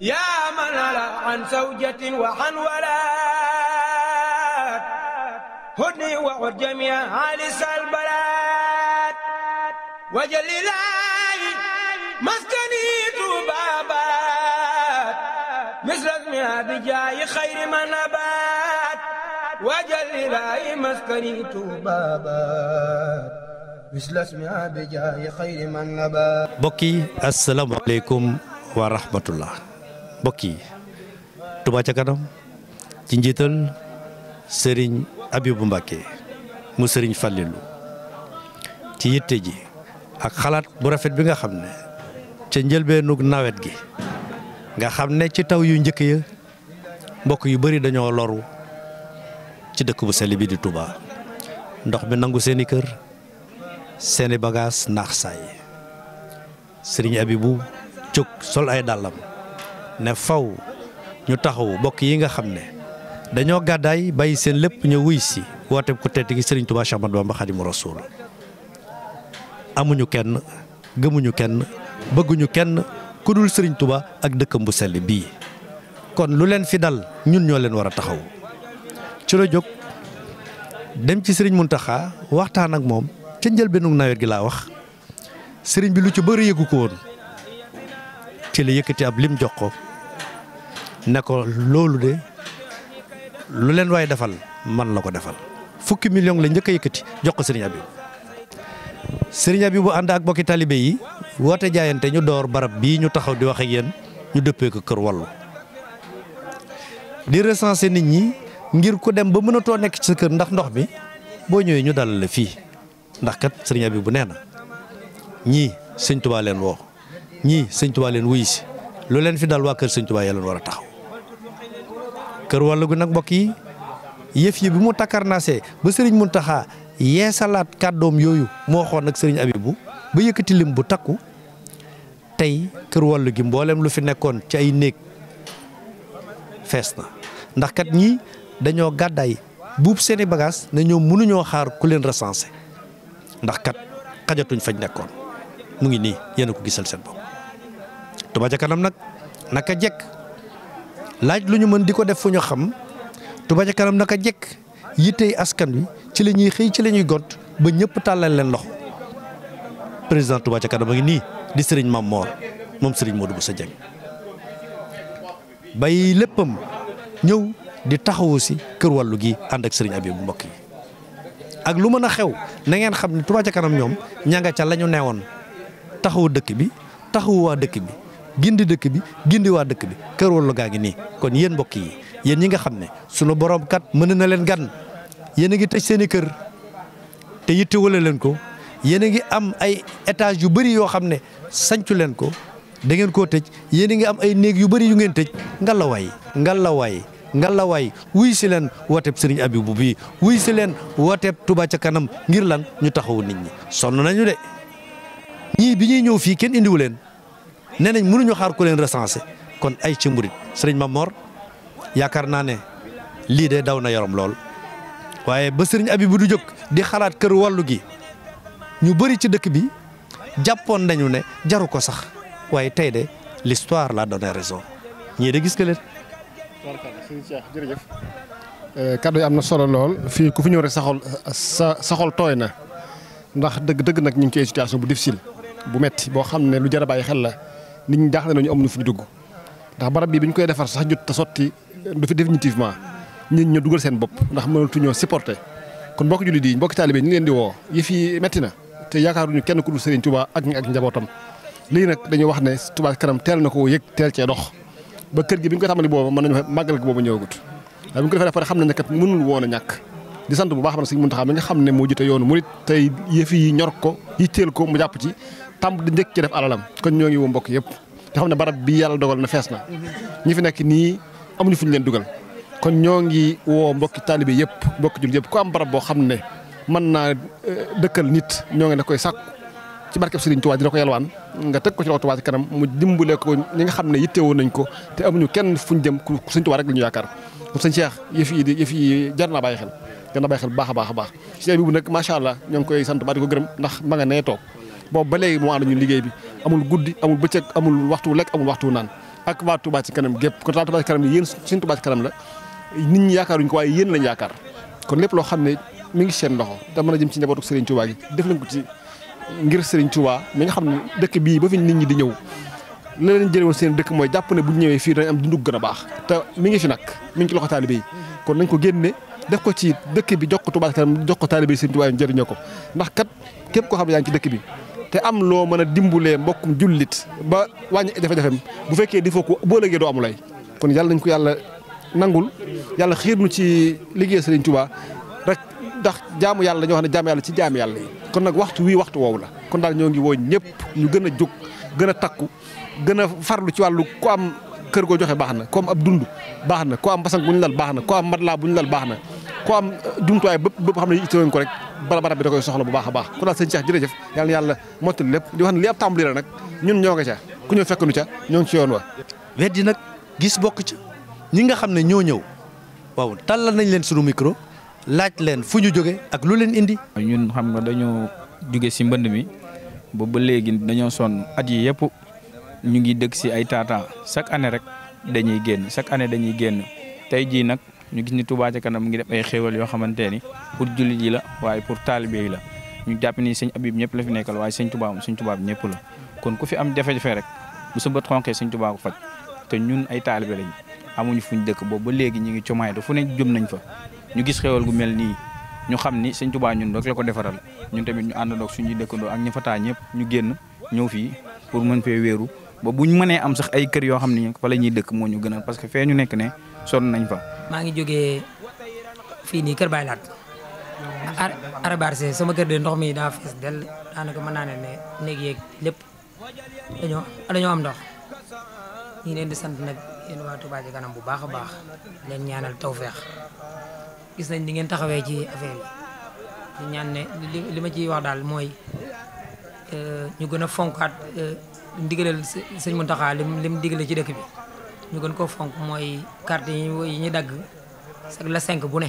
yaa man ala an zawjatin wa an walaat hudni wa ud jamia alisal balaat wajalilaay maskani tubabat misras mi abijaayi xayri man abaat wajalilaay maskani tubabat bislasmia bi jaay xayri man naba bokki asalaamaaleykum wa rahmatullah mbokk yi tubaa ca kanam ci njiital sëriñ Abibu Mbàkke mu sëriñ Fàllilu ci yitte ji ak xalaat bu rafet bi nga xam ne ca njëlbeenug nawet gi nga xam ne ci taw yu njëkk ya mbokk yu bari dañoo loru ci dëkk bu sell bi di Touba ndox bi nangu seeni kër seeni bagaas naax saay sëriñ Abibu jóg sol ay dàllam ne faw ñu taxawu bokk yi nga xam ne dañoo gàddaay bàyyi seen lépp ñu wuy si woote ku tedd gi Serigne Touba Cheikh Ahmadou Bamba Khadimu amuñu kenn gëmuñu kenn bëgguñu kenn ku dul sëriñ Touba ak dëkkam bu selli bii kon lu leen fi dal ñun ñoo leen war a taxaw ci la jóg dem ci Serigne Mountakha waxtaan ak moom ca njëlbeenu nawet gi laa wax sëriñ bi lu ci bëri yëgu ko woon ci la yëkkati ab lim jox ko. ne ko loolu de lu leen waaye defal man la ko defal fukki million la njëkk a yëkkati jox ko sëriñ Abibu sëriñ Abibu ànd ak bokki talibe yi woote jaayante ñu door barab bii ñu taxaw di wax ak ñu dëppee ko kër wallu di recenser nit ñi ngir ku dem ba mënatoo nekk ci sa kër ndax ndox mi boo ñëwee ñu dalal la fii ndax kat sëriñ bu nee na ñii sëñ Tuubaa leen woo ñii sëñ Tuubaa leen wuyu si lu leen fi dal waa kër sëñ Tuubaa yàlla war a taxaw. kër wàllu gu nag mbokk yi yëf yi bi mu takkarnaasee ba sëriñ Muntaxa yeesalaat kàddoom yooyu moo xoon ak sëriñ Abibu ba yëkkati lim bu takku tey kër wàllu gi mboolem lu fi nekkoon ci ay néeg fees na ndax kat ñii dañoo gàddaay buub seeni bagage na ñoom mënuñoo xaar ku leen recensé ndax kat xajatuñ fañ nekkoon mu ngi nii yéen a ko gisal seen bopp Touba kanam nag naka jekk laaj lu ñu mën di ko def fu ñu xam Touba ca kanam naka jekk yittey askan wi ci la ñuy xëy ci lañuy gont ba ñëpp tàllal leen loxo président Touba ca kanam a ngi nii di Serigne Mame Mor moom Serigne Modou sa Dieng bay léppam ñëw di taxawu si kër wàllu gi ànd ak Serigne Abibou mbokk yi ak lu mën a xew na ngeen xam ne Touba kanam ñoom ña nga ca lañu nee woon taxawu dëkk bi taxawu waa dëkk bi. gindi dëkk bi gindi waa dëkk bi kër Walo gaa ngi nii kon yéen mbokk yi yéen ñi nga xam ne sunu borom kat mën na leen gan yéen a ngi tëj seen i kër te yittewale leen ko yéen a ngi am ay étage yu bëri yoo xam ne sancu leen ko da ngeen tëj yéen a ngi am ay néeg yu bëri yu ngeen tëj ngalawaay ngalawaay ngalawaay wuy si leen wooteeb abi bu bii wuy si leen wooteeb Touba ca kanam ngir lan ñu taxawu nit ñi sonn nañu de ñii bi ñuy ñëw fii kenn indiwu leen. nee nañ mënuñu xaar ku leen recensé kon ay ci mburit sëriñ Mamor yaakaar naa ne lii de daw na yorom lool waaye ba sëriñ bu du jóg di xalaat kër wàllu gi ñu bari ci dëkk bi jàppoon nañu ne jaru ko sax waaye tey de l'histoire la donné raison ñii de gis nga leen. jërëjëf. Euh, kaddu yi am na solo lool fii ku fi ñëw rek saxol sa saxol tooy na ndax dëgg dëgg nag ñu ngi koy situation bu difficile bu metti boo xam ne lu jar a bàyyi xel la. nit ñi jaaxle nañu am nu fi ñu dugg ndax barab bi ba ñu koy defar sax jot te sotti du fi définitivement ñi ñu dugal seen bopp ndax mënatuñoo supporter kon mbokk jullit yi mbokk taalibe ñu ngi leen di woo yëf yi metti na te yaakaaruñu kenn ku dul Serigne Touba ak ak njabootam lii nag dañuy wax ne Touba kanam teel na ko yëg teel cee dox ba kër gi bi ñu koy tàmbali boobu mën nañu wax màggal gi boobu ñëwagut waaye bu ñu ko defee pare xam nañ woon ñàkk di sant bu baax man Serigne nga xam ne moo jiite yoonu murit tey yëf yi ñor ko yitteel ko mu jàpp ci tàmb di njëkk ci def alalam kon ñoo ngi woo mbokk yëpp te xam ne barab bi yàlla dogal na fees na ñi fi nekk nii amuñu fu ñu leen dugal kon ñoo ngi woo mbokki taalibe yëpp mbokki jul yëpp ku am barab boo xam ne mën naa eh, dëkkal nit ñoo ngi la koy sàkku ci barkeb Sëriñ Tuubaa di la ko yalwaan nga teg ko ci loxo Tuubaa ci kanam mu dimbale ko ñi nga xam ne yittewoo nañ ko te amuñu kenn fu fuñ jëm ku suñ Tuubaa rek la ñu yaakaar kon sëñ Cheikh yëf yi yëf yi jar naa jar naa bàyyi xel a baax a baax si ay bi bu nag macha allah ñoo ngi koy sant ba di ko gërëm ndax ma nga toog boobu ba léegi moo ànd ñu liggéey bi amul guddi amul bëccëg amul waxtu lekk amul waxtu naan ak waa Touba ci kanam gépp ko Touba ci kanam yéen seen Touba ci kanam la nit ñi yaakaaruñ ko waaye yéen lañ yaakaar kon lépp loo xam ne mi ngi seen loxo te mën a jëm ci njabootu Serigne Touba def lañ ko ci ngir Serigne Touba mi nga xam ne dëkk bii ba nit ñi di ñëw la leen jëlee seen dëkk mooy jàpp ne bu ñëwee fii dañ gën a baax te mi ngi fi nag mi ci loxo taalibe yi kon nañ ko génne def ko ci dëkk bi jox ko Touba ci jox ko taalibe yi Serigne Touba yi ko ndax kat képp koo xam ne yaa ngi ci dëkk bi te am loo mën a dimbulee mbokkum jullit ba wàññi jafe-jafem bu fekkee di foo ko boo léegi doo am lay kon yàlla nañ ko yàlla nangul yàlla xiir nu ci liggéey Sëriñ Tuubaa rek ndax jaamu yàlla ñoo wax ne jaamu yàlla ci jaamu yàlla yi kon nag waxtu wii waxtu woowu la kon daal ñoo ngi woo ñëpp ñu gën a jóg gën a takku gën a farlu ci wàllu ku am kër koo joxe baax na ku am ab dund baax na ku am basang bu ñu lal baax na ku am matelas bu ñu lal baax na ko am jumtuwaay bëpp bëpp xam ne itteewuñ ko rek bara bi da koy soxla bu baax a baax kon daal sëñ Cheikh jërëjëf yàlla na yàlla mottali lépp di wax ne li ab tàmbali la nag ñun ñoo nga ca ku ñëw fekk nu ca ñoo ngi wa weddi nag gis bokk ci ñi nga xam ne ñoo ñëw waaw tàllal nañ leen suñu micro laaj leen fu ñu jóge ak lu leen indi ñun xam nga dañoo jóge si mbënd mi ba ba léegi dañoo sonn at yi yëpp ñu ngi dëkk si ay taataa chaque année rek dañuy génn chaque année dañuy génn tey jii nag ñu gis ni Touba ca mu ngi def ay xéewal yoo xamante ni pour jullit yi la waaye pour taalibe yi la ñu jàpp ni sëñ Abib ñëpp la fi nekkal waaye sëñ Touba moom sëñ la kon ku fi am jafe-jafe rek bu sa bët xonqee sëñ Touba ko faj te ñun ay taalibe lañ amuñu fuñ dëkk boobu ba léegi ñu ngi comaay fu ne jëm nañ fa ñu gis xéewal gu mel nii ñu xam ni sëñ Touba ñun rek la ko defaral ñun tamit ñu àndandoog suñuy ak ña fa taa ñëpp ñu génn ñëw fii pour mën fee wéeru ba buñ mënee am sax ay kër yoo xam ne fa la ñuy dëkk moo ñu gënal parce que fee ñu nekk ne son nañ fa maa ngi jógee fii nii Kër Baye Laat arabarse sama kër de ndox mi daa fees del daanaka mën naa ne ne néeg yeeg lépp dañoo am ndox ñi leen di sant nag yéen waa Touba Ca Kanam bu baax a baax leen ñaanal taw tawfeex gis nañ ni ngeen taxawee ci affaire yi ñaan li ma ciy wax daal mooy euh, ñu gën a fonkaat euh, ndigalal sëñ Mountakha lim lim digale ci dëkk bi ñu gën koo fonk mooy carte yi ñu dagg sax la cinq bu ne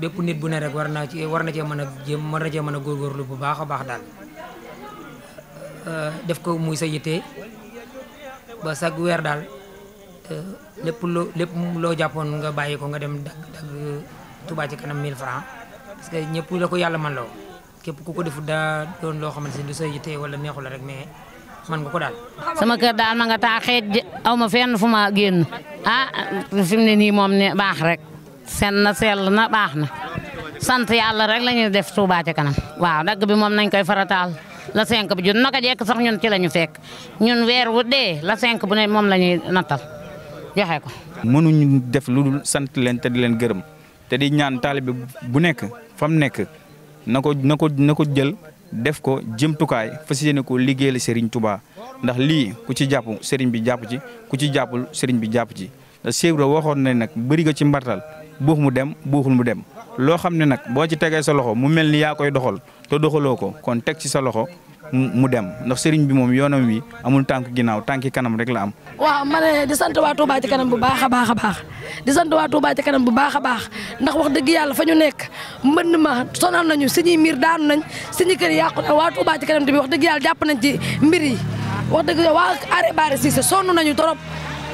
bépp nit bu ne rek war naa ci war na cee mën a jéem war na cee mën a góorgóorlu bu baax a baax daal euh, def ko muy sa yitte ba sag weer daal lépp loo lépp loo jàppoon nga bàyyi ko nga dem dagg dagg Touba ci kanam 1000 francs parce que ñëpp la ko yàlla man loo képp ku ko defu daa doon loo xamante ni du sa yitte wala neexu la rek mais man nga ko daal. sama kër daal ma nga taa xeej aw ma fenn fu ma génn ah fi mu ne nii moom ne baax rek seen na sell na baax na sant yàlla rek lañuy ñuy def Touba ca kanam waaw dagg bi moom nañ koy farataal. la cinq bi jot a jekk sax ñun ci la ñu fekk ñun weer wu dee la cinq bu ne moom la ñuy nattal joxe ko. mënuñu def lu dul sant leen te di leen gërëm te di ñaan taal bi bu nekk fa mu nekk na ko na ko na ko jël def ko jëmtukaay fas yéene ko liggéeyal Serigne tubaa ndax lii ku ci jàpp Serigne bi jàpp ci ku ci jàppul Serigne bi jàpp ci te Cheikh waxoon na nag bëri nga ci mbartal buux mu dem buuxul mu dem. loo xam ne nag boo ci tegee sa loxo mu mel ni yaa koy doxal te doxaloo ko kon teg ci sa loxo mu dem ndax sëriñ bi moom yoonam wi amul tànk ginnaaw tànki kanam rek la am. waaw ma sant waa Touba ci kanam bu baax a baax a baax di sant waa Touba ci kanam bu baax a baax ndax wax dëgg yàlla fa ñu nekk mbënd ma sonal nañu suñuy miir daanu nañ suñu kër yàqu na waa Touba ci kanam tamit wax dëgg yàlla jàpp nañ ci mbir yi wax dëgg waa Arrêt Barre Cissé sonn nañu trop.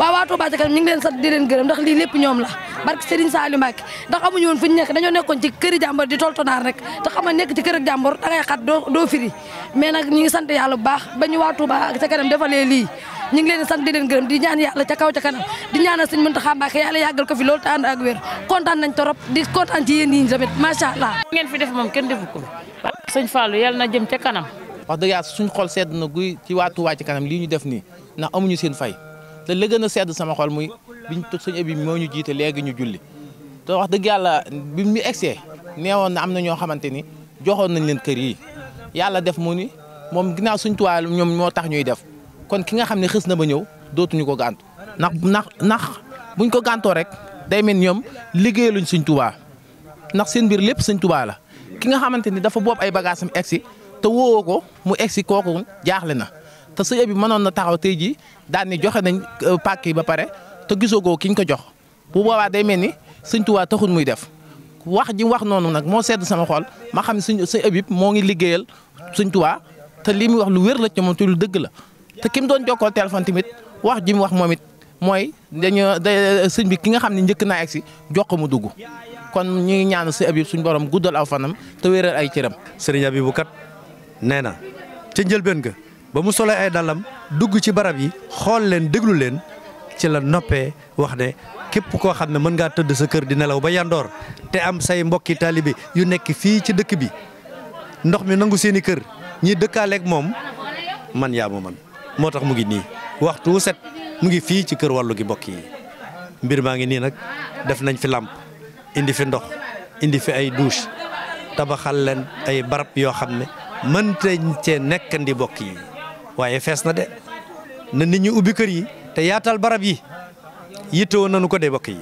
waaw waa Touba ca kanam ñu ngi leen sant di leen gërëm ndax lii lépp ñoom la barke Serigne Saliou Mbacké ndax amuñu woon fu ñu nekk dañoo nekkoon ci këri jàmbor di toltonaar rek te xam nga nekk ci kër ak jàmbor da nag ñu ngi sant yàlla bu baax ba ñu waa Touba ca kanam defalee lii ñu ngi leen sant di leen gërëm di ñaan yàlla ca kaw ca kanam di ñaanal sëñ Mountakha Mbacké yàlla yàggal ko fi loolu te ànd ak wér kontaan nañ torop di kontaan ci yéen yi tamit macha allah. ngeen fi def moom kenn defu ko sëñ Fallou yàlla na ca kanam. wax dëgg suñu xol sedd na guy ci waa Touba ci lii ñu def nii ndax amuñu seen fay te la gën a sedd sama xool muy bi biñ sëñ abi moo ñu jiite léegi ñu julli te wax dëgg yàlla bi mu egsee neewoon na am na ñoo xamante ni joxoon nañ leen kër yi yàlla def mu ni moom ginnaaw suñ tuwaay ñoom moo tax ñuy def kon ki nga xam ne xës na ba ñëw dootuñu ko gàntu ndax nax ndax buñ ko gàntoo rek day mel ñoom liggéeyaluñ suñ tubaa ndax seen mbir lépp suñ tubaa la ki nga xamante ni dafa boob ay bagaasam egsi te wóowoo ko mu egsi kooku jaaxle na te sëñ bi manoon na taxaw tey jii daan ni joxe nañ euh, pàkk yi ba pare te gisoo ki kiñ ko jox bu boobaa day mel ni sëñ Tuubaa taxul muy def wax ji wax noonu nag moo sedd sama xol ma xam suñ sëñ Habib moo ngi liggéeyal sëñ Tuubaa te lii muy wax lu wér la ci moom te lu dëgg la te kim mu doon jokkoo téléphone tamit wax ji mu wax moom it mooy dañoo day sëñ bi ki nga xam ni njëkk naa egsi si ko mu dugg kon ñu ngi ñaanal sëñ Habib suñ borom guddal aw fanam te wéeral ay cëram. sëriñ Habibou kat nee na ca njëlbeen ga ba mu solee ay dalam dugg ci barab yi xool leen déglu leen ci la noppee wax ne képp koo xam ne mën ngaa tëdd sa kër di nelaw ba yandoor te am say mbokki taalibe yu nekk fii ci dëkk bi ndox mi nangu seeni kër ñi dëkkaaleek moom man yaa ma man moo tax mu ngi nii waxtu wu set mu ngi fii ci kër wàllu gi mbokk yi mbir maa ngi nii nag def nañ fi làmp indi fi ndox indi fi ay douche tabaxal leen ay barab yoo xam ne mëntañ cee nekkandi mbokk yi waaye fees na de na nit ñi ubbi kër yi te yaatal barab yi yitte woon nañu ko de bokk yi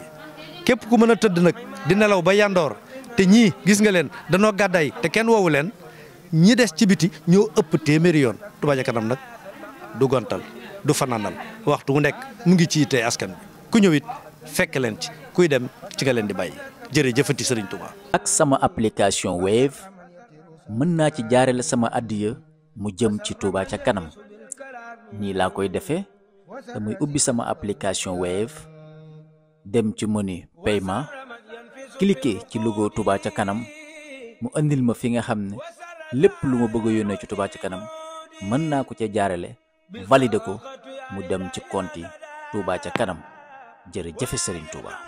képp ku mën a tëdd nag di nelaw ba yandoor te ñii gis nga leen danoo gàddaay te kenn woowu leen ñi des ci biti ñoo ëpp téeméeri yoon Touba ca kanam nag du gontal du fanaanal waxtu wu nekk mu ngi ci yitte askan bi ku ñëw it fekk leen ci kuy dem ci nga leen di bàyyi jërëjëfati Serigne Touba. ak sama application Wave naa ci jaarale sama addiya. mu jëm ci Touba ca kanam nii laa koy defee damay ubbi sama application Wave dem ci menu paiement cliquer ci logo Touba ca kanam mu indil ma fi nga xam ne lépp lu ma bëgg a yónnee ci Touba ca kanam mën naa ko ca jaarale valider ko mu dem ci compte yi ca kanam jër jërëjëf Serigne tuuba